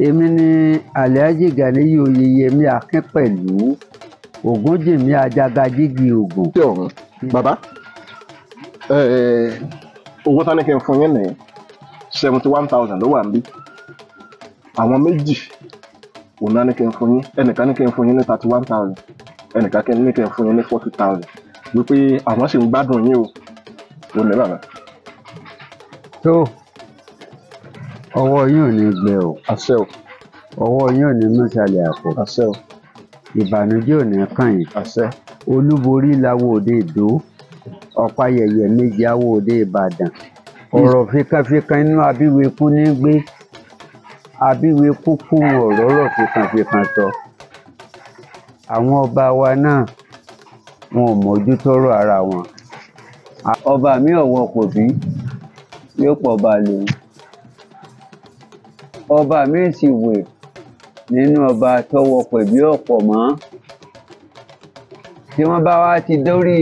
èmi ni alhaji ganiyi oyeyemi akínpẹ̀lú ògúnjìmí ajagajigi ògùn. ṣé ọ̀hún bàbá owó tán kí n fún yín nìyí seventy one thousand ló wà níbí àwọn méjì òun náà ni kí n fún yín ẹnìkan ni kí n fún yín ní thirty one thousand ẹnìkan ni kí n fún yín ní forty thousand wípé àwọn sì ń gbádùn yín o lónìí bàbá ọwọ́ yín ò ní gbẹ o àṣẹ o ọwọ́ yín ò ní mọ́sálẹ̀ àpò àṣẹ o ìbànújẹ́ ò ní kàn yín àṣẹ olúborí láwo òde ìdó ọ̀pá yẹ̀yẹ̀ méjì àwo òde ìbàdàn ọ̀rọ̀ fíkanfíkan inú abíwekú ní gbé abíwekú kún ọ̀rọ̀ ọ̀rọ̀ fíkanfíkan sọ àwọn ọba wa náà wọn ò mójútóró ara wọn ọba mi ọwọ kò bí yóò pọ̀ balẹ̀ o ọba míì sì wè nínú ọba tọwọ pẹ̀bí ọ̀pọ̀ mọ́ tí wọ́n bá wá ti dórí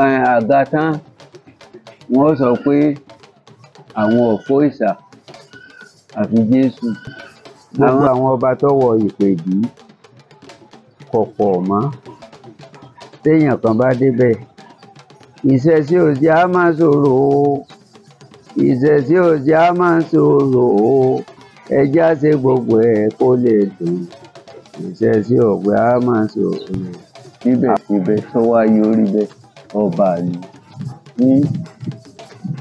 àga tán wọ́n sọ pé àwọn òpó ìsà àfi Jésù. gbogbo àwọn ọba tọwọ ìpèbí kọ̀pọ̀ mọ́ téèyàn kan bá débẹ̀ ìṣesí òsì á máa ṣòro o ìṣesí òsì á máa ṣòro o. ẹjẹ́ gbogbo ẹ̀ kó lè dùn sí ọ̀gbẹ́ a máa sọ òye. síbẹ̀síbẹ̀ tó wá yorí bẹ́ẹ̀ ọba àlù ní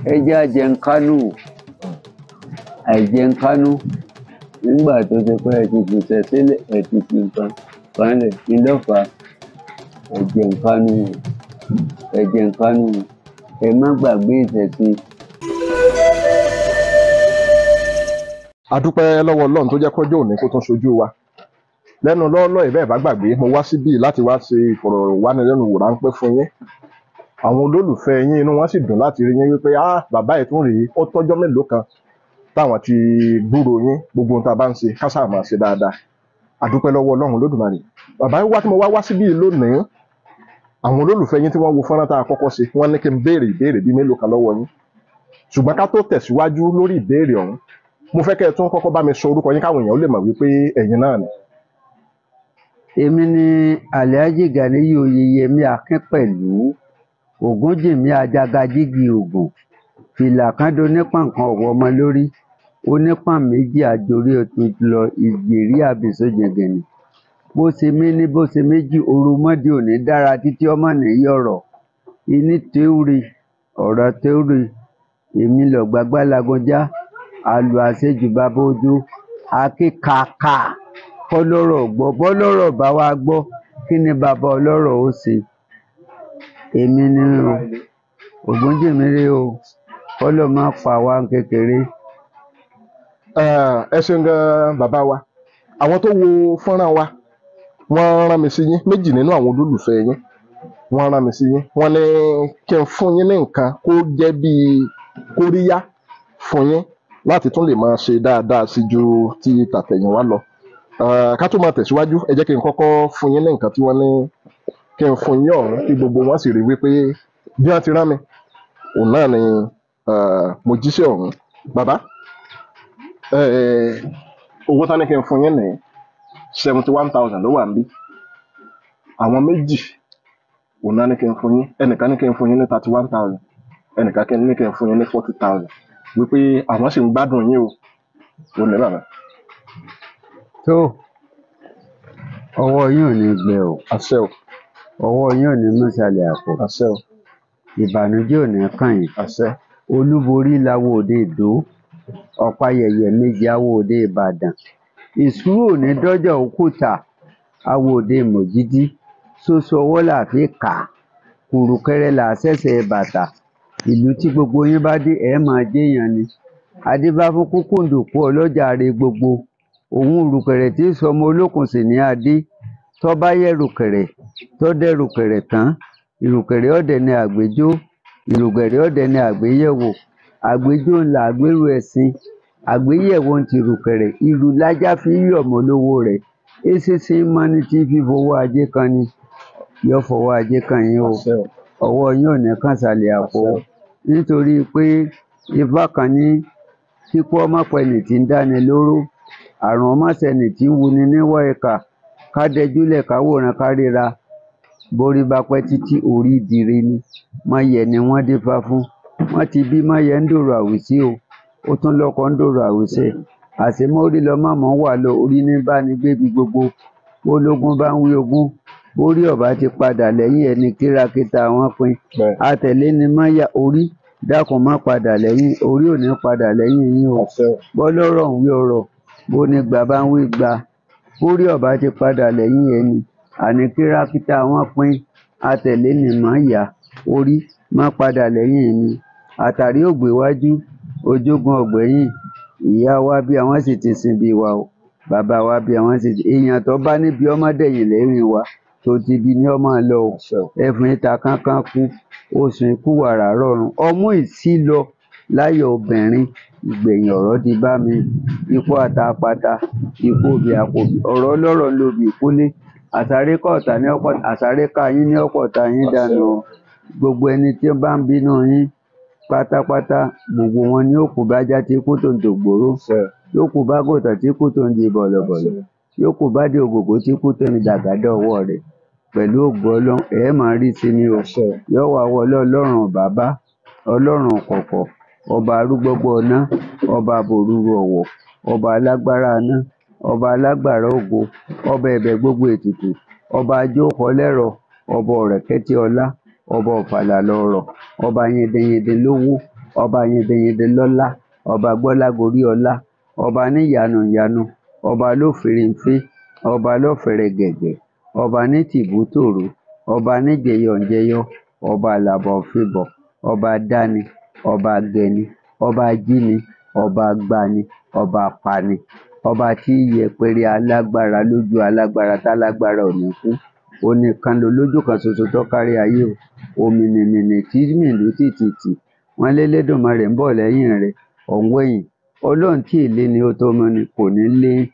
nígbà tó ẹ ti ẹ ti fi nǹkan gbàgbé ìṣẹ̀sìn. adúpẹ́ lọ́wọ́ ọlọ́run tó jẹ́ kọ́jọ́ òní kó tún ṣojú wa lẹ́nu lọ́ọ́lọ́ ìbẹ́ẹ̀ bá gbàgbé mo wá síbí láti wá ṣe ìfọ̀rọ̀wánilẹ́nuwò ráńpẹ́ fún yín àwọn olólùfẹ́ yín inú wọn sì dùn láti rí yín wípé ah bàbá ẹ̀ tún rèé ó tọ́jọ́ mélòó kan táwọn ti gbúrò yín gbogbo ohun tá a bá ń ṣe ká sáà máa ṣe dáadáa àdúpẹ́ lọ́wọ́ ọlọ́run lódùmarè bàbá wá tí mo wá wá síbí lónìí àwọn olólùfẹ́ yín tí wọ́n wo fọ́nrán tá a kọ́kọ́ ṣe wọ́n ní kí n béèrè ìbéèrè bíi mélòó kan lọ́wọ́ yín ṣùgbọ́n ká tó tẹ̀síwájú lórí ìbéèrè ọ̀hún mo fẹ́ kẹ́ ẹ tún kọ́kọ́ bá mi sọ orúkọ yín káwọn èèyàn ó lè mọ̀ wípé ẹ̀yin náà ni. èmi ni Alhaji Ganiyu Oyeyemi Akínpẹ̀lú Ògúnjìmí Ajagajigi Ògùn fìlà kando nípàǹkan ọ̀wọ́ ọmọ lórí onípàn méjì àjòrí ọ̀tún lọ ìgbèrí àbìsọ jẹgẹnì bó ṣe mí ní bó ṣe méjì oromọdé òní dára títí ọmọ nìyí ọ̀rọ̀ iní tẹ́wúrì ọ̀rọ̀ tẹ́wúrì èmi lọ̀gbàgbà lagọjá àlù àṣejù bàbá ojú akíkàkà kọlọ́rọ̀ gbọ́ bọ́lọ́rọ̀ bá wa gbọ́ kí ni bàbá ọlọ́rọ̀ ó ṣe èmi ni o ògúnjìmí rí o kọ́lọ̀ máa pa wá kékeré. ẹ ṣeun gan bàbá wa àwọn tó wo fọ́nrán wa wọ́n rán mi sí yín méjì nínú àwọn olólùfẹ́ yín wọ́n rán mi sí yín wọ́n ní kí n fún yín ní nǹkan kó jẹ́ bíi kóríyá fún yín láti tún lè máa ṣe dáadáa sí ju ti tàtẹ̀yìnwá lọ ah, ká tó máa tẹ̀síwájú ẹ jẹ́ kí n kọ́kọ́ fún yín ní nǹkan tí wọ́n ní kí n fún yín ọ̀hún kí gbogbo wọn sì rí wípé bí wọ́n ti rán mi òun náà ni ah, mo jíṣẹ́ ọ̀hún bàbá eh, owó tán ní kí n fún yín ní seventy one thousand ló wà níbí àwọn méjì òun náà ní kí n fún yín ẹnìkan ní kí n fún yín ní thirty one thousand ẹnìkan ní kí n fún yín ní forty thousand wípé àwọn sì ń gbádùn yín o ò ní bàbá. tó ọwọ́ yín ò ní gbẹ o. àṣẹ o. ọwọ́ yín ò ní mọ́sálẹ̀ àpò. àṣẹ o. ìbànújẹ́ ò ní kàn yín. àṣẹ. olúborí lawọ òde ìdó ọ̀páyẹyẹ méjì awọ òde ìbàdàn ìṣúrò ní dọ́jà òkúta awọ òde mòjídí ṣoṣo ọwọ́ làá kà kùrùkẹrẹ làá bàtà ìlú tí gbogbo yín bá dé ẹ máa jẹyàn ni adébáfún kúkúǹdù kú ọlọ́jà re gbogbo òun rùkẹ̀rẹ̀ tí sọmọ olókùn sì ní adé tó bá yẹ rùkẹ̀rẹ̀ tó dẹ̀ rùkẹ̀rẹ̀ tán ìrùkẹ̀rẹ̀ ọ̀dẹ̀ ni àgbéjó ìrùkẹ̀rẹ̀ ọ̀dẹ̀ ni àgbéyẹ̀wò àgbéjó ńlá àgbérò ẹ̀sìn àgbéyẹ̀wò ń ti rùkẹ̀rẹ̀ ìrù lájá fi ń yọ̀mọ́ lówó rẹ̀ èsèse mọ́ni tí fífowó ajé kan ni yọ fọwọ́ ajé kan yín o ọwọ́ yín ò ní kàn sálẹ̀ àpò nítorí pé ifá kan ní kíkú ọmọ pẹni tí ń dáni lóró àrùn ọmọ sẹni tí ń wuni níwọ ìkà ká dẹjúlẹ̀ ká wòran ká ríra borí bá pẹ́ títí orí ìdìre ni mọyẹ ni wọ́n dífá fún wọ́n ti bí mọyẹ ń dòrò àwùsí o ó tún lọ́kọ ń dòrò àwùsẹ àṣemọrí lọmọọmọ wà lọ orí ní bá ní gbébi gbogbo ológun bá ń wí ogún bórí ọba ti padà lẹ́yìn ẹni kìràkìtà wọn pin àtẹ̀lénímọ́yà orí dákun má padà lẹ́yìn orí ò ní padà lẹ́yìn yín o bọ́lọ́rọ̀ ń wí ọ̀rọ̀ bó ni bàbá ń wí gba bórí ọba ti padà lẹ́yìn ẹni àní kìràkìtà wọn pin àtẹ̀lénímọ́yà orí má padà lẹ́yìn mi àtàrí ògbéwájú ojógun ọ̀gbẹ́yìn ìyá wa bí àwọn sì ti sin bí wa o bàbá wa bí àwọn sì ti èèyàn tó bá níbi ọmọdéyìn lẹ́yìn wa tòtí ibi ni ọmọ lọ o ẹfun ìta kankan kú oṣù ikú wàrà rọrùn ọmú ìsí lọ láyọ̀ obìnrin ìgbẹ̀yìn ọ̀rọ̀ di bá mi ikú àtàpàtà ikú òbí àpòbí ọ̀rọ̀ ọlọ́rọ̀ ń lobì ìkúlé àsáré kọ̀ọ̀tà ní ọ̀pọ̀ àsáré yín ní ọ̀pọ̀ yín dànù gbogbo ẹni tí ó bá ń bínú yín pátápátá gbogbo wọn ni ó kù bá já tí kú tó ń dògbòrò yóò kù bá gòtà tí kú tó ń di bọ̀lọ̀bọ̀lọ̀ yóò kù bá di ògògó tí kú tó ń dàgádọ́ ọwọ́ rẹ̀ pẹ̀lú ògo Ọlọ́run, ẹ máa rí sí ni o. Yóò wá wọlé Ọlọ́run bàbá, Ọlọ́run kọ̀kọ̀, ọba arúgbọ́gbọ́ ọ̀nà, ọba bòrúru ọ̀wọ̀, ọba alágbára aná, ọba alágbára ògo, ọba ẹ̀bẹ̀ gbogbo ètùtù, ọba ajókòólẹ́rọ̀, ọba ọ̀rẹ̀kẹ́tì ọlá, ọba ọ̀fàlà lọ̀rọ̀, ọba yẹ̀dẹ̀yẹ̀dẹ̀ lówó, ọba yẹ̀dẹ̀yẹ̀dẹ̀ lọ́lá, ọba gbọ́lágorí ọlá, ọba níyànúyànu, ọba lófìríǹfé, ọba lọ́fẹ̀rẹ̀gẹ̀gẹ̀ Ọbanitìbútòró, ọba níjẹyọ-ǹjẹyọ, ọba làbọ̀-ń-febọ̀, ọba dáni, ọba gẹni, ọba jíni, ọba gbani, ọba pani, ọba tí í yẹpẹrẹ alágbára lójú alágbára tálágbára ò ní kú, ọ̀nìkan lolójú kan ṣoṣo tó kárí ayé o, òmìnìmìnì tí í mìlú tìtìtì, wọ́n lÉlédùmarè ń bọ̀ lẹ́yìn rẹ̀, ò ń wẹ̀yìn, tí ì léni ó tó múni kò ní léyín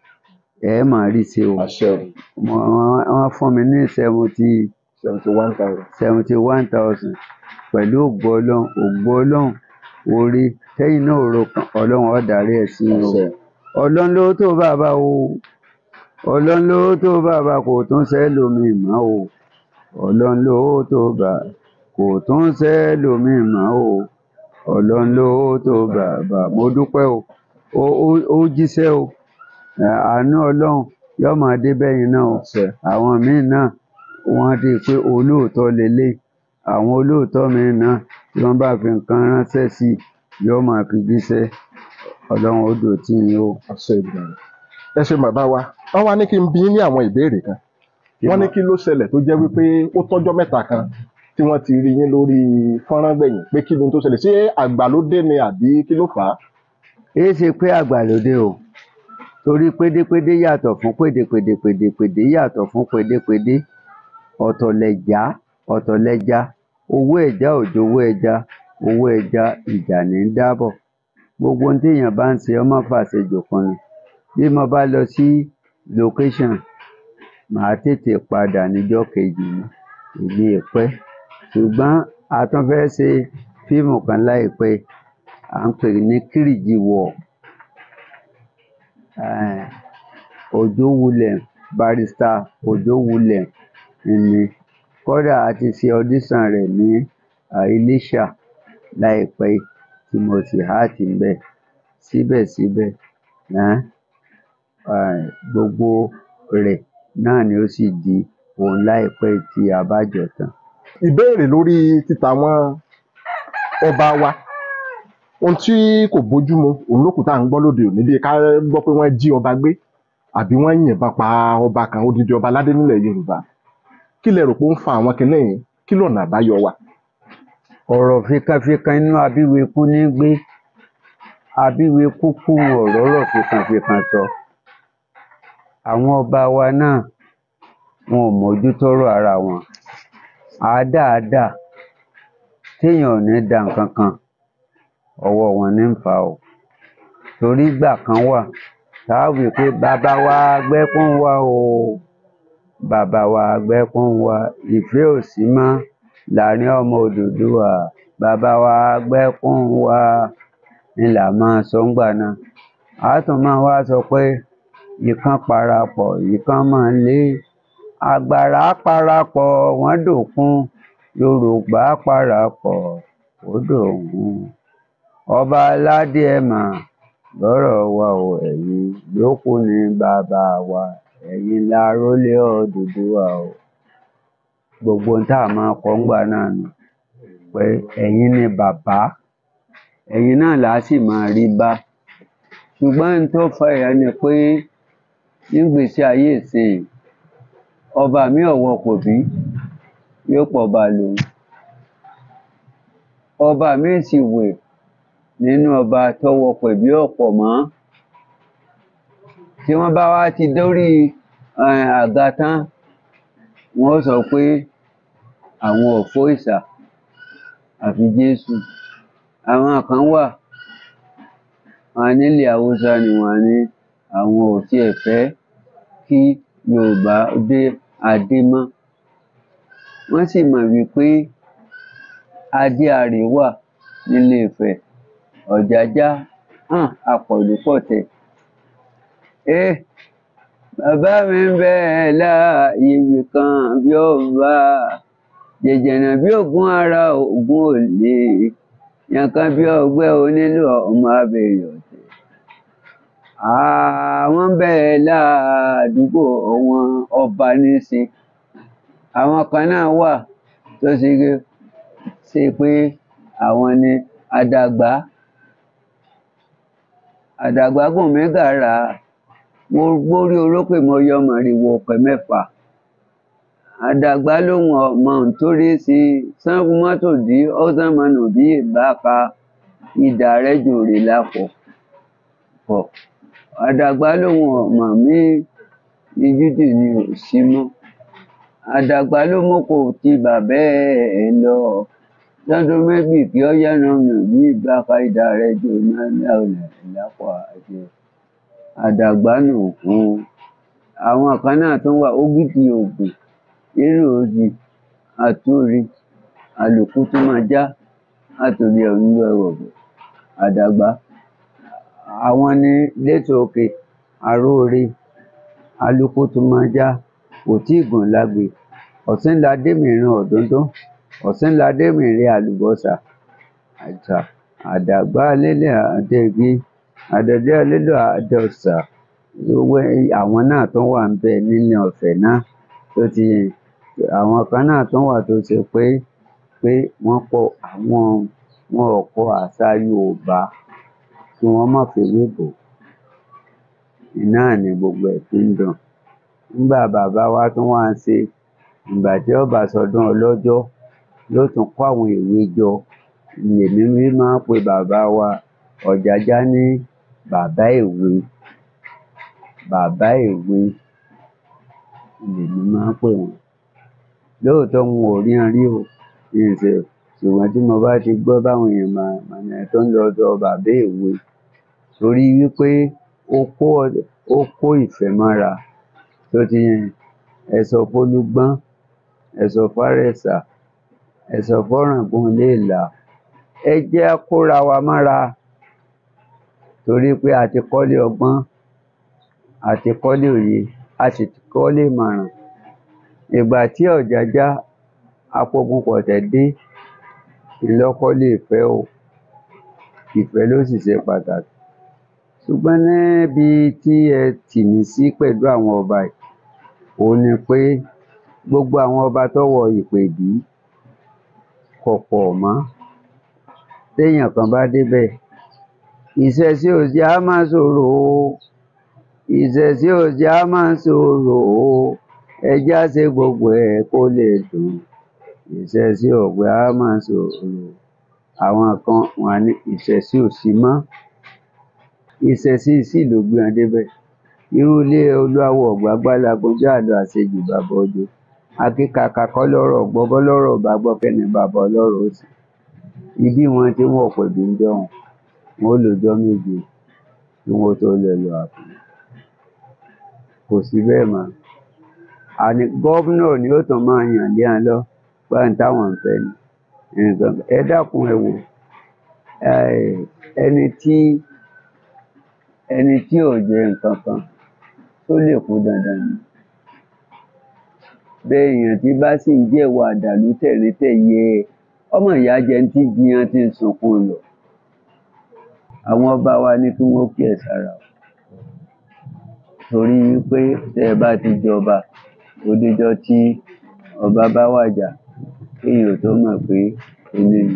ẹ máa rí ṣe o wọ́n fún mi ní seventy seventy one thousand seventy one thousand pẹ̀lú ògbó ọlọ́run ògbó ọlọ́run orí tẹ́yìn náà rò kàn ọlọ́run ọ̀dàrí ẹ̀ sí o ọlọ́run lówó tó bàbá o ọlọ́run lówó tó bàbá kò tún ṣe lómi mọ́ o ọlọ́run lówó tó bà kò tún ṣe lómi mọ́ o ọlọ́run lówó tó bàbá mo dúpẹ́ o o jíṣẹ́ o àánú ọlọ́run yóò máa dé bẹ́yìn náà o àwọn míì náà wọ́n di pé olóòótọ́ lélẹ̀ àwọn olóòótọ́ míì náà tí wọ́n bá fi nǹkan ránṣẹ́ sí i yóò máa fi jíṣẹ́ ọlọ́run ó dò tí yín o. ẹ ṣe bàbá wa wọ́n wá ní kí n bi ní àwọn ìbéèrè kan wọ́n ní kí ló ṣẹlẹ̀ tó jẹ́ wípé ó tọ́jọ́ mẹ́ta kan tí wọ́n ti rí yín lórí fọ́nrán gbẹ̀yìn pé kí ni tó ṣẹlẹ̀ ṣé àgbà ló ni àbí kí ló fà á. èé ṣe pé àgbà o torí pédépédé yàtọ̀ fún pédépédé pédépédé yàtọ̀ fún pédépédé ọ̀tọ̀ lẹ̀já ọ̀tọ̀ lẹja owó ẹ̀já ò jowó ẹja owó ẹja ìjà ní í dábọ̀ gbogbo ohun téèyàn bá ń ṣe ọ má fàṣejò kan ni bí mo bá lọ sí location màá tètè padà níjọ́ kejì ni èmi ì pẹ́ a tún fẹ́ ṣe fíìmù kan láìpẹ́ à ń pè ní kírìjì wọ̀ọ́ um ọjọ́ wulẹ̀ barrister ọjọ́ wulẹ̀ nni kódà a ti ṣe audition rẹ̀ ní um iléṣà láìpẹ́ yìí timothy hart ńbẹ síbẹ̀síbẹ̀ um gbogbo rẹ̀ náà ni ó sì di òun láìpẹ́ yìí tí a bá jọ tán. ìbéèrè lórí títàwọn ọba wa ohun tí kò bójú mu òun ló kù tá à ń gbọ́ lóde òní bíi ká gbọ́ pé wọ́n jí ọba gbé àbí wọ́n yìnbọn pa ọba kan odidi ọba aládé nílẹ̀ yorùbá kí lè rò pé ó ń fa àwọn kinní yìí kí lọ́nà àbáyọ wà. ọ̀rọ̀ fíkanfíkan inú abíwekú ní gbé abíwekú kú ọ̀rọ̀ ọ̀rọ̀ fíkanfíkan sọ àwọn ọba wa náà wọn ò mójútóró ara wọn àádáadáa téèyàn ò ní da nǹkan kan. ọwọ́ wọn ní ń fa o torí ìgbà kan wà tá a wí pé bàbá wa àgbẹ̀kún wa o bàbá wa àgbẹ̀kún wa ìfẹ́ ò sí mọ́ láàrin ọmọ Odùduwà bàbá wa àgbẹ̀kún wa ni là máa sọ ń gbà náà a tún máa wá sọ pé ìkan parapọ̀ ìkan máa lé àgbàrá parapọ̀ wọ́n dòkun Yorùbá parapọ̀ ó dòun. ọba aládé ẹ mà gbọ́rọ̀ wa o ẹ̀yin yòókù ní bàbá wa ẹ̀yin la rólé wa o gbogbo ohun tá a máa kọ ńgbà náà nù pé ẹ̀yin ni bàbá ẹ̀yin náà là á sì máa rí bá ṣùgbọ́n ohun tó fa ìyà ni pé nígbèsí ayé ìsìn ọba mi ọ̀wọ́ kò bí yóò pọ̀ bá lòun ọba mi sì wèé nínú ọba tọwọ pẹ̀bí ọ̀pọ̀ mọ́ tí wọ́n bá wá ti dórí àga tán wọ́n sọ pé àwọn òfó ìsà àfi Jésù àwọn kan wà wọn nílẹ̀ Haúsá ni wọ́n ní àwọn ò tiẹ̀ fẹ́ kí Yorùbá dé adé mọ́ wọ́n sì mọ̀ wípé adé àrè nílé Ifẹ̀ ọ̀jájá um hmm. àpọ̀lù pọ̀tẹ́ um eh, bàbá mi ń bẹ láàyè ibì kan bí ọba jẹjẹrẹ bí ògùn ara ògùn ò lè yankan bí ọgbẹ́ onílù ọmọ abèrè ọ̀tẹ̀ àwọn ń bẹ láàdúgbò àwọn ọba ní í ṣe àwọn kan náà wà tó ṣe pé àwọn ni àdàgbà àdàgbàgùn mi gàrà mo gbórí orókè mo yọ màrìwò ọ̀pẹ mẹ́fà àdàgbà lòun ọmọ nítorí sí sanwó mọ́tò dí ọ̀sán mọ́nà bí ìbáka ìdá rẹ̀ jòrè lápọ̀ pọ̀ àdàgbà lòun ọmọ mi ìjútì ni ò sí mọ́ àdàgbà ló mú kò ti bàbá ẹ̀ lọ lọ́dún méjì kí ó yẹnu nù ní ìgbà fáìdà rẹ̀ ju náírà ọ̀nà ìlápọ̀ àti àdàgbànù fún un. àwọn kan náà tún wà ógìtì ògùn irú òdì àtúrí àlùkù tó máa já àtòrí ọ̀hún ẹ̀wọ̀gbọ̀ àdàgbà àwọn ní létò òkè àróore àlùkù kò tí ì gùn lágbe ọ̀túnla dèmìíràn ọ̀dọ́dọ́ Ọ̀sínládé Àlùbọ́sà Àdàgbàsókè Adégbé Adédèlé Àdòsà àwọn náà tún wà ńbẹ̀ nínú ọ̀fẹ́ náà, ṣó ti yé yín. Àwọn kan náà tún wà tó ṣe pé pé wọ́n kọ àwọn wọn ò kọ àṣà Yoòbá kí wọ́n má fewé bòó, náà ni gbogbo ẹ̀ fi ń dùn. Ńgbà bàbá wa tún wá ń ṣe ìgbà tí ó bá Ọlọ́jọ́ yóò tún kó àwọn ìwé jọ lèmi fi máa ń pe bàbá wa ọ̀jájá ní bàbá ìwé bàbá ìwé lèmi máa ń pè wọ́n. Lóòótọ́ n ò rí wọn rí o ṣùgbọ́n tí mo bá ti gbọ́ báwọn èèyàn mọ̀nàmọ́ná tó ń lọ ọ̀dọ̀ bàbá èwe torí wí pé ó kó ìfẹ́ mọ́ra ṣó ti yé ẹ sọ fólúgbọ́n ẹ sọ fárẹ̀sà ẹ̀sọ̀ fọ́ràngún lè là ẹ jẹ́ á kóra wa mọ́ra torí pé a ti kọ́lé ọgbọ́n a ti kọ́lé òye a sì ti kọ́lé ìmọ̀ràn ìgbà tí ọ̀jájá apọ̀gunpọ̀tẹ̀ dé ìlọ́kọ́lé ìfẹ́ o ìfẹ́ ló sì ṣe pàtàkì ṣùgbọ́n níbi tí ẹ tì mí sí pẹ̀lú àwọn ọba yìí òun ni pé gbogbo àwọn ọba tó wọ ìpèbí pọ̀ mọ́ téèyàn kan bá débẹ̀ ìṣesí òjì á máa ṣòro o ìṣesí òjì á máa ṣòro o ẹjẹ́ á ṣe gbogbo ẹ̀ kó lè dùn ìṣesí ògbé á máa ṣòro àwọn kan wà ní ìṣesí òsì mọ́ ìṣesí sì ló gbé wọn débẹ̀ irú ilé olúwawo ọ̀gbàgbà làkọjá àlọ́ àṣejù bàbá ọjọ́ akíkaka kọlọrọ gbọ bọlọrọ ò bá gbọ kẹni bàbá ọlọrọ ó sì ibi wọn tí wọn ò pẹbí ń jọhún wọn ó lòjọ méje kí wọn tó lè lọ àfin kò sí bẹ́ẹ̀ mọ́ àní gómìnà ni ó tàn máa yàn lé wọn lọ pé n táwọn ń fẹ́ ni nǹkan ẹ dákun ẹ wò ẹni tí ẹni tí ò jẹ nǹkan kan tó lè kú dandan ni bẹ èèyàn tí bá sì ń jẹ̀wọ́ àdàlú tẹ̀rẹ́tẹ̀yẹ ọmọ ìyá jẹ ti jiyàn ti ń sunkún lọ àwọn ọba wa ní kí wọ́n kí ẹ sára o torí pé tẹ́ ẹ bá ti jọba odijọ́ tí ọba bá wàjà kéèyàn tó mọ̀ pé ẹni ni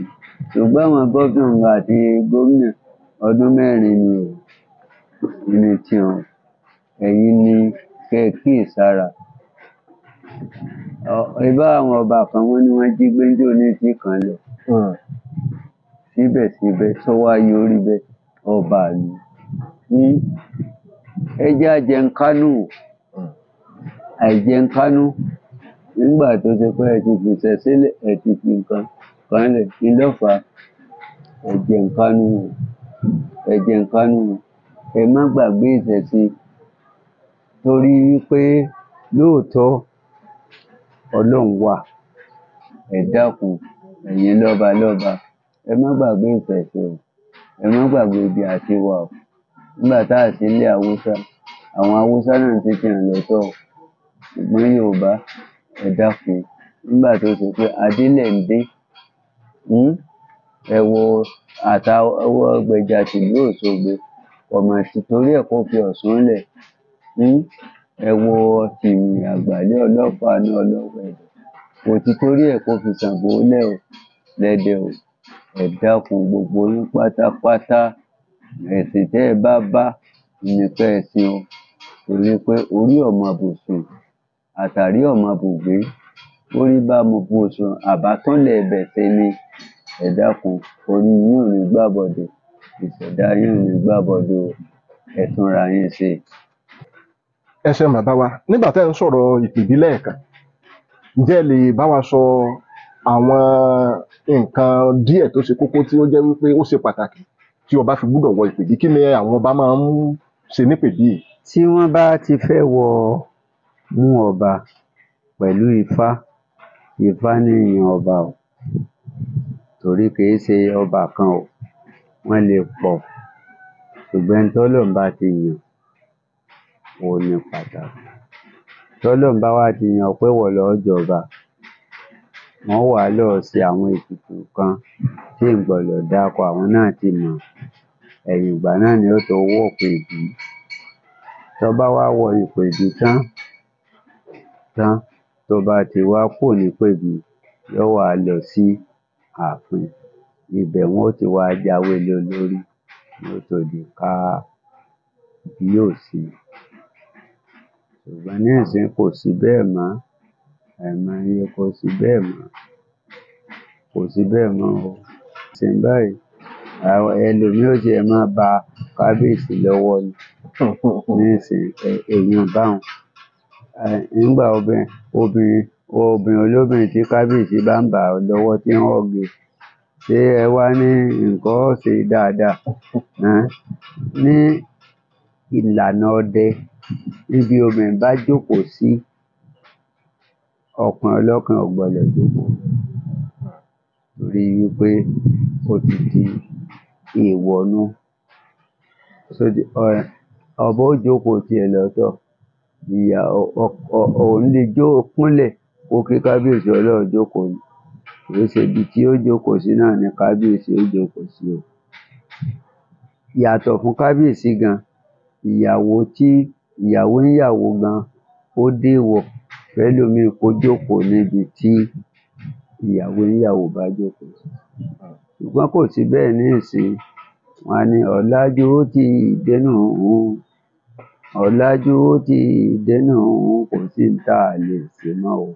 ṣùgbọ́n àwọn gómìnà àti gómìnà ọdún mẹ́rin ni ò ní tiwọn ẹ̀yin ni kẹ́ ẹ kíyèsára ibà àwọn ọba kan wọn ni wọn jí gbẹjọ ní kan lọ hmm. síbẹ̀síbẹ̀ sọwọ ayé orí bẹ ọba àlù ní ẹjẹ àjẹǹkánú hmm. àìjẹǹkánú nígbà tó ṣe pé ẹ ti fi sẹsílẹ ẹ ti fi nǹkan kan lẹ ìlọfà ẹjẹǹkánú ẹjẹǹkánú ẹ má gbàgbé ìṣẹ̀sí torí wípé lóòótọ́. ọlọ́run wà ẹ dákun ẹ̀yin lọ́ba lọ́ba ẹ má gbàgbé ìfẹ̀sẹ̀ o ẹ má gbàgbé ibi àti wà o nígbà tá à haúsá àwọn haúsá náà ti ti hàn lọ́tọ̀ ṣùgbọ́n yorùbá ẹ dákun nígbà tó ṣe pé ń dé hmm, ẹ wo tìlú òṣogbo torí kó ẹ wo tìmì àgbàlẹ ọlọfà àna ọlọwọ ẹdọ kò ti torí ẹ kó fi ṣàgbọ lẹ o lẹdẹ o ẹ dákun gbogbo yín pátápátá ẹsìn tẹ ẹ bá bá ni kẹ ẹ sìn o torí pé orí ọmọ àbòsùn àtàrí ọmọ àbògbé orí bá mo bòsùn àbátúnlẹ ẹbẹsẹ ni ẹ dákun orí yín ò ní gbàbọdè ìṣẹdá yín ò ní gbàbọdè o ẹ túnra yín ṣe ẹ ṣé bàbá wa nígbà tẹ́ ń sọ̀rọ̀ ìpèbí lẹ́ẹ̀kan ǹjẹ́ ẹ lè bá wa sọ àwọn nǹkan díẹ̀ tó ṣe kókó tí ó jẹ́ wípé ó ṣe pàtàkì tí ọba fi gbúdọ̀ wọ ìpèbí kí ni àwọn ọba máa ń ṣe nípèbí yìí. tí wọ́n bá ti fẹ́ wọ mú ọba pẹ̀lú ifá ifá ní ìyàn ọba o torí kìí ṣe ọba kan o wọ́n lè pọ̀ ṣùgbọ́n ẹni tọ́lọ́run bá ti yàn ó ní pàtàkì. Tọ́lọ́run bá wá ti yan pé ìwọ lọ́ jọba, wọ́n wàá lọ ṣe àwọn ètùtù kan tí n gbọdọ̀ dárúkọ, àwọn náà ti mọ̀. Ẹ̀yìn ìgbà náà ni yóò tó wọ ìpèbí. Tó wá wọ ìpèbí tán tán, tó bá ti wá kúrò nípèbí, yóò wá lọ sí ààfin. Ibẹ̀ wọn ó ti wá jáwé lé e lórí, yóò tó di kábíyèsí ṣùgbọ́n nísìnyí kò sí bẹ́ẹ̀ mọ́ àìmọye kò sí bẹ́ẹ̀ mọ́ kò sí bẹ́ẹ̀ mọ́ o nísìnyí báyìí àwọn ẹlòmíì ó tiẹ̀ máa ba kábíyèsí lọ́wọ́ ni nísìnyí èèyàn báwọn nígbà obìnrin obìnrin obìnrin olóbìnrin tí kábíyèsí bá ń bà lọ́wọ́ tí wọ́n gé ṣé ẹ wá ní nǹkan ó ṣe dáadáa ní ìlànà ọdẹ Níbi obìnrin bá jókòó sí, ọkùnrin ọlọ́kàn ò gbọdọ̀ jókòó torí wí pé ó ti di èèwọ̀ nùun. Ọba ó jókòó tiẹ̀ lọ́tọ̀, òun lè kúnlẹ̀ kó kí kábíyèsí Ọlọ́run jókòó ni, kìí ṣe ibi tí ó jókòó sí náà ni kábíyèsí ó jókòó sí o. Yàtọ̀ fún kábíyèsí gan ìyàwó tí ìyàwó ń yàwó gan-an ó déèwọ̀ fẹ́lòmíì kó jókòó níbi tí ìyàwó oníyàwó bá jókòó sí ṣùgbọ́n kò sí bẹ́ẹ̀ nísìnyìí wọ́n á ní ọ̀lájú ó ti dénú un ọ̀lájú ó ti dénú un kò sí ohun tá a lè ṣe mọ́ o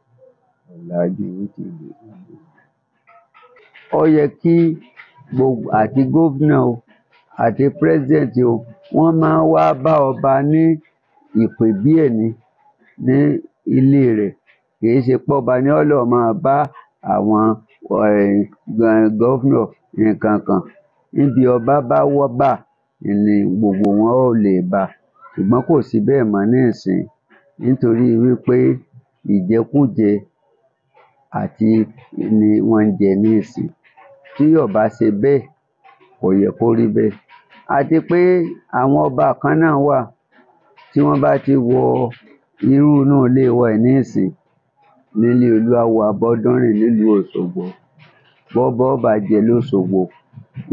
ọ̀lájú ó ti dénú un. Ó yẹ kí gbogbo àti gómìnà o àti president o wọ́n máa wá bá ọba ní ìpè bí ẹ̀ní ní ilé rẹ̀ kì í ṣe pọ́ba ní ọ̀lọ́ máa bá àwọn gọ́fúnọ̀ nǹkan kan níbi ọba bá wọ́ bà ni gbogbo wọn ò lè bá ṣùgbọ́n kò sí bẹ́ẹ̀ mọ́ nísìn nítorí wípé ìjẹkújẹ àti ni wọ́n ń jẹ nísìn tí ó bá ṣe bẹ́ẹ̀ kò yẹ kó rí bẹ́ẹ̀ àti pé àwọn ọba kan náà wà tí wọ́n bá ti wọ irú náà lè wa yìí nísìn nílé olúawo abọ́dúnrìn nílùú ọ̀ṣọ́gbó bọ́bọ́ bàjẹ́ lọ́ṣọ́gbó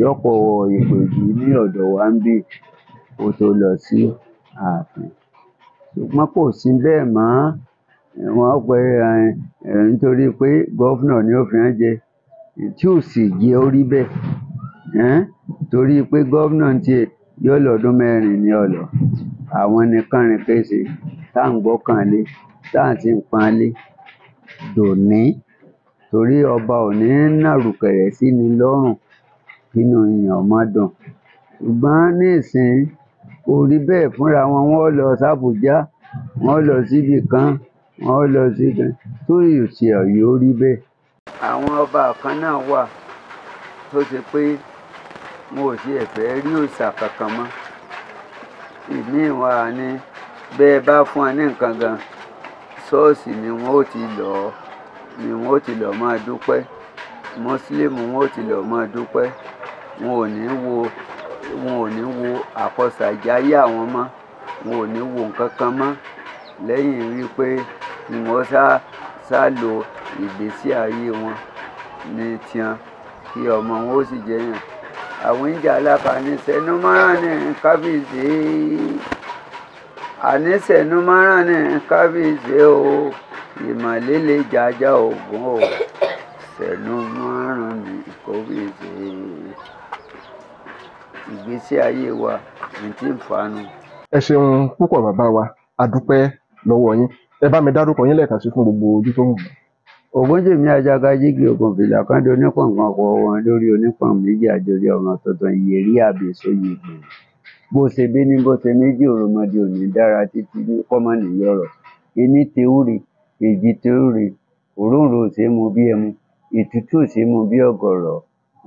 yọ̀pọ̀ ìpèbí ní ọ̀dọ̀ wa ńbí kó tó lọ sí ààfin ṣùgbọ́n kò sí bẹ́ẹ̀ mọ́ wọ́n pe nítorí pé gọ́fúnà ni ó fi hàn jẹ tí ò sì jẹ́ ó rí bẹ́ẹ̀ torí pé gọ́fúnà tiẹ̀ yóò lọ́dún mẹ́rin ní ọ̀lọ́ àwọn ni kánrin-kése tá à ń gbọ́kànlé tá à sì ń panlé dòní torí ọba ò ní nàrùkẹ̀rẹ̀ sí ni lọ́rùn kínú èèyàn má dùn ṣùgbọ́n nísìn kò rí bẹ́ẹ̀ fúnra wọn wọ́n lọ sàbújá wọ́n lọ síbì kan wọ́n lọ síbì kan tó ìṣe ọ̀yọ́ rí bẹ́ẹ̀. àwọn ọba kan náà wà tó ṣe pé mo ò ṣe ẹ̀fẹ́ rí òòṣà kankan mọ́ ìlú ìwọ̀n àní bẹ́ẹ̀ bá fún ẹ ní nǹkan gan ṣọ́ọ̀ṣì ni wọ́n ó ti lọ ni wọ́n ó ti lọ máa dúpẹ́ mọ́sílẹ́mù wọ́n ó ti lọ máa dúpẹ́ wọn ò ní wo wọn ò ní wo àkọsàjáyé àwọn mọ́ wọn ò ní wo nǹkan kan mọ́ lẹ́yìn wípé ni wọ́n sá lo ìgbésí ayé wọn ní tiwọn kí ọmọ wọn ó sì jẹyàn àwíjà alákàníṣẹ́numárànì kábíyèsí àníṣẹ́numárànì kábíyèsí o ìmọ̀lélẹ̀ jàjà ògùn o ṣẹ́numárànì kábíyèsí ìgbésí ayé wa ní tí ń fanu. ẹ ṣeun púpọ̀ bàbá wa a dúpẹ́ lọ́wọ́ yín ẹ bá mi dárúkọ yín lẹ́ẹ̀kan sí fún gbogbo ojú tó ń wù ògúnjìmí àjàgàjìgì ògúnfìlà kan di onípọ̀ngbọ̀n ọkọ̀ wọn lórí onípọ̀n méjì àjòrí ọmọ tuntun ìyèrí àbèsóyè ìgbò bó ṣe bí ní bó ṣe méjì òròmọdì òní dára títí ní kọ́mọ̀nì yọ̀rọ̀ ení teúre èjì teúre òróǹro ò ṣe é mu bí ẹmu ètútù ò ṣe é mu bí ọ̀gọ̀rọ̀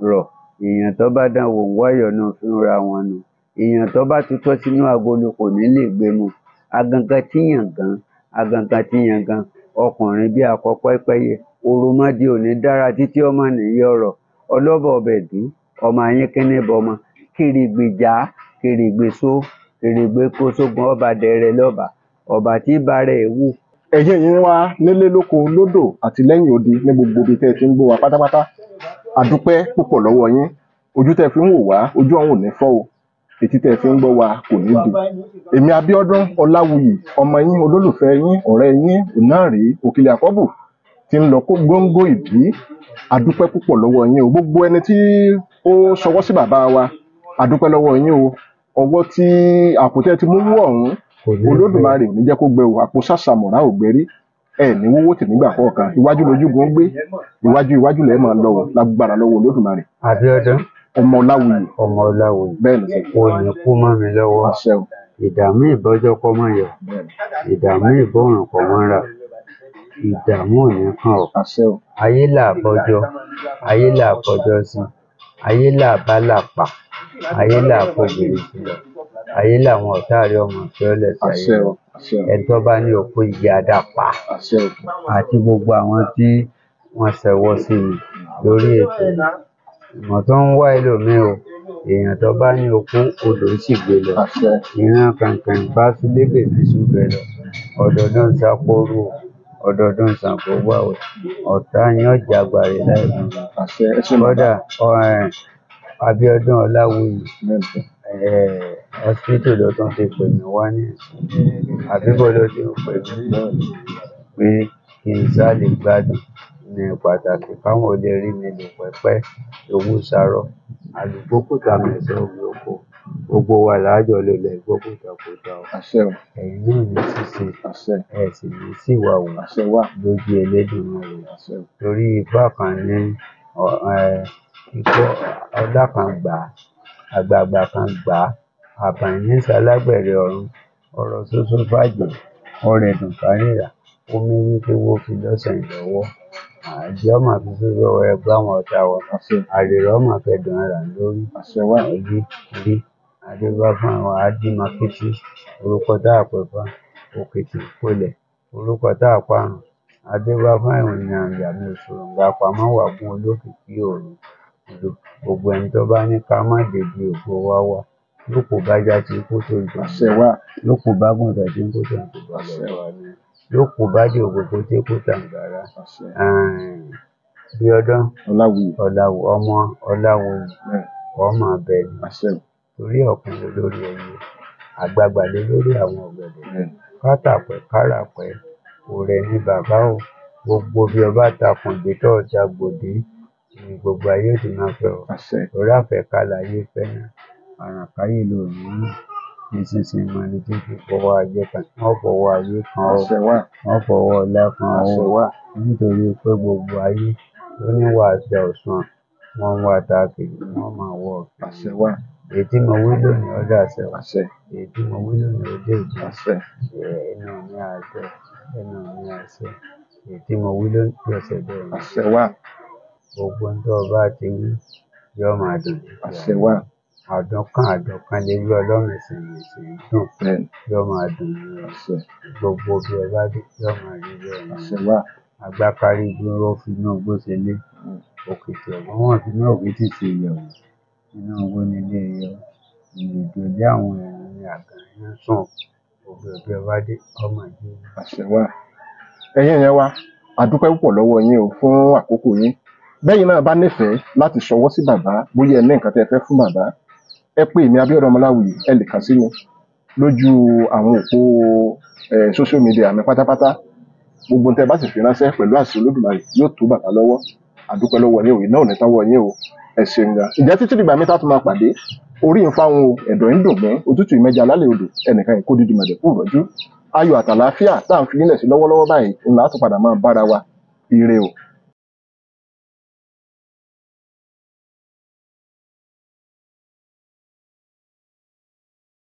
rọ̀ èèyàn tó bá dán wò ń wáyọ̀ náà fúnra wọn nu èèyàn tó bá tutọ́ sínú agolo kò ní lè gbé mu agangan tíyàn gan agangan tíyàn gan ọkùnrin bí àkọ́kọ́ pẹ́yẹ òròmọdì òní dára títí ọmọ nìyí ọ̀rọ̀ ọlọ́bọ̀ ọbẹ̀ dùn ọmọ ayín kínní bọmọ kèrègbè já kèrègbè so kèrègbè kó sógun ọba dẹrẹ lọba ọba tí bàrẹ ẹ wù. ẹ̀yin yín wá nílé lóko lódò àti lẹ́yìn odi ní gbogbo ibi tẹ́ ẹ ti ń gbọ́ wa pátápátá àdúpẹ́ púpọ̀ lọ́wọ́ yín ojú tẹ́ fi ń wò wá ojú ọ̀hún ò ní fọ́ o etí tẹ́ fi ń gbọ́ wa kò ní di èmi Abíọ́dún Ọláwuyì ọmọ yín olólùfẹ́ yín ọ̀rẹ́ yín ònàrè òkìlẹ̀ àkọ́bù ti ń lọ kó góńgó ìdí adúpẹ́ púpọ̀ lọ́wọ́ yín o gbogbo ẹni tí ó ṣọwọ́ sí bàbá wa adúpẹ́ lọ́wọ́ yín o ọwọ́ tí àpótẹ́ ti mú wú ọ̀hún Olódùmarè ò ní jẹ́ kó gbẹ o àpò sàṣàmùrà ò gbẹrí ẹ ní wọ́wọ́ tì nígbà kọ̀ọ̀kan iwájú lójúgun gbé iwájú iwájú lẹ́ẹ̀ máa lọ lágbára lọ́wọ́ Olódùmarè. Abíọ́dún ọmọláwùyí ọmọláwùyí bẹ́ẹ̀ ni oyin kú mọ́ mi lọ́wọ́ ìdààmú ìbọjọ́ kọ́ mọ́ yọ ìdààmú ìbọ̀rùn kọ́ mọ́ rà ìdààmú ò ní kàn ọ́ ayé là bọjọ́ ayé là bọjọ́ sí ayé là bá là pa ayé là fògìrì sí lọ ayé làwọn ọ̀tá rẹ̀ ọmọ ìfẹ́ ọlẹ́sẹ̀ ayé lọ ẹni tó bá ní òkú ìyá dà pa àti gbogbo àwọn tí wọ́n ṣẹ̀wọ́ sí mi lórí ètò yìí ìmọ̀ tó ń wá ẹlòmíì o èèyàn tó bá ní okú odò sì gbé lọ ìran kankan bá súlébè fi súbẹ lọ ọdọọdún sápóòrò ọdọọdún sàǹkógbàwẹ o yín ọjà gbàrẹ láìpẹ́ kódà Abíọ́dún Ọláwuyì hospital ló tún ti pè mí wá ní àbíbọ̀ ló ti pè mí pé kí n sá lè gbádùn ní pàtàkì káwọn ọdẹ rí mi lò pẹ́pẹ́, owúsarọ, àlùbọ́kùtà mẹ̀sẹ́ omi oko, gbogbo wa là á jọ lolẹ̀ ìgbókùtà kòtà o. Àṣẹ o. Ẹ̀yin náà ní ṣíṣe. Àṣẹ. Ẹ sì ní tìwà o. Àṣẹ wà. Lójú Elédùmarè. Àṣẹ o. Torí ipá kan ní ikọ́ ọlá kan gbà á, àgbààgbà kan gbà á, àbàìn ní ṣalágbẹ̀rẹ̀ ọ̀run, ọ̀rọ̀ ṣoṣo fàjè, ọrẹ̀dùn fárìrà, omi wípé wó fi lọ́sẹ̀ lọ́wọ́ yọọ máa fi sójú ọwọ́ rẹ pé àwọn ọ̀tá wa àrèrè ọmọ àfẹdùn ara lórí orí rí adébá fún àwọn àdìmọkìtì orúkọ tá a pè fún òkìtì ìpolẹ orúkọ tá a parùn adébá fún àwọn èèyàn ìyàmí òṣòròǹgà pamọ́ wà fún olókìkí òru gbogbo ẹni tó bá ní ká má débi ògo wa wà lókùú bá já ti kó tó jù lókùú bá gùn tẹ̀ tí ń kó tó jù lọ lọ́wọ́ ni lókùúbádé ògògó tẹkù tàǹgàrà um bíọ́dún ọlàwù ọmọ ọlàwùyí ọmọ abẹni torí ọkùnrin lórí ẹyẹ àgbààgbà lé lórí àwọn ọ̀gẹ̀dẹ̀ kátàpẹ́ káràpẹ́ ọ̀rẹ́ ni bàbá o gbogbo bí ọba takùngbé tó jagbòdì ni gbogbo ayé ó ti máa fẹ́ ọ torí àfẹ̀ká láyé fẹ́ràn àrànkáyé lọ̀run ń ràn nísinsìnyí máa ní jẹ́ kí fọwọ́ ajé kan wọ́n fọwọ́ ayé kan ọ́ wọ́n fọwọ́ ọlá kan ọ́ nítorí pé gbogbo ayé ló ní wàṣà ọ̀sán wọ́n ń wá ta wọ́n máa wọ kiri èyí mo wí lónìí ó dàṣẹ èyí tí mo wí lónìí ó dèjì ẹnu mi àṣẹ ẹnu mi àṣẹ èyí mo wí lónìí ọ̀sẹ̀ bẹ́ẹ̀ ni gbogbo ohun tó o bá ti wí yóò máa dùn àdọ́kàn àdọ́kàn lè rí ọlọ́run ẹ̀sìn ẹ̀sìn dùn yóò máa dùn ní ọ̀sẹ̀ gbogbo bí ẹ bá dé yóò máa rí bí ọ̀sẹ̀ wà agbákárí dúró finú igbó ṣe lé mm. òkìtì ọ̀gbọ́n wọn finú òkìtì ṣe yẹ̀wò inú igbó nílé yọ ìrìnàjò ilé àwọn èèyàn ní àgànyán sùn gbogbo bí ẹ bá dé ọmọ ìjọ àṣẹ wà. ẹ̀yin yẹn wa àdúpẹ́ púpọ̀ lọ́wọ́ yín o fún àkókò yín bẹ́yìn náà bá nífẹ̀ẹ́ láti ṣọwọ́ sí bàbá bóyá ẹ ní nǹkan tẹ́ fẹ́ fún bàbá ẹ pé èmi Abíọ́dún Ọmọláwuyì ẹ lè kàn sí mi lójú àwọn òpó social media mi pátápátá gbogbo tẹ bá sì fi ránṣẹ́ pẹ̀lú àṣẹ Olódùmarè yóò tó bàtà lọ́wọ́ àdúpẹ́ lọ́wọ́ yín o iná ò ní tán wọ yín o ẹ ṣeun gan ǹjẹ́ títí dìgbà mẹ́ta tó máa pàdé orí ń fáwọn o ẹ̀dọ̀ ń dùn gbọ́n òtútù ìmẹ́jà lálẹ́ odò ẹnìkan ìkó dídì mọ̀dẹ̀ kú rọ́jú ayọ̀ àtàlàáfíà tá à ń fi nílẹ̀ sí lọ́wọ́lọ́wọ́ báyìí ńlá tó padà máa bára wa ire o.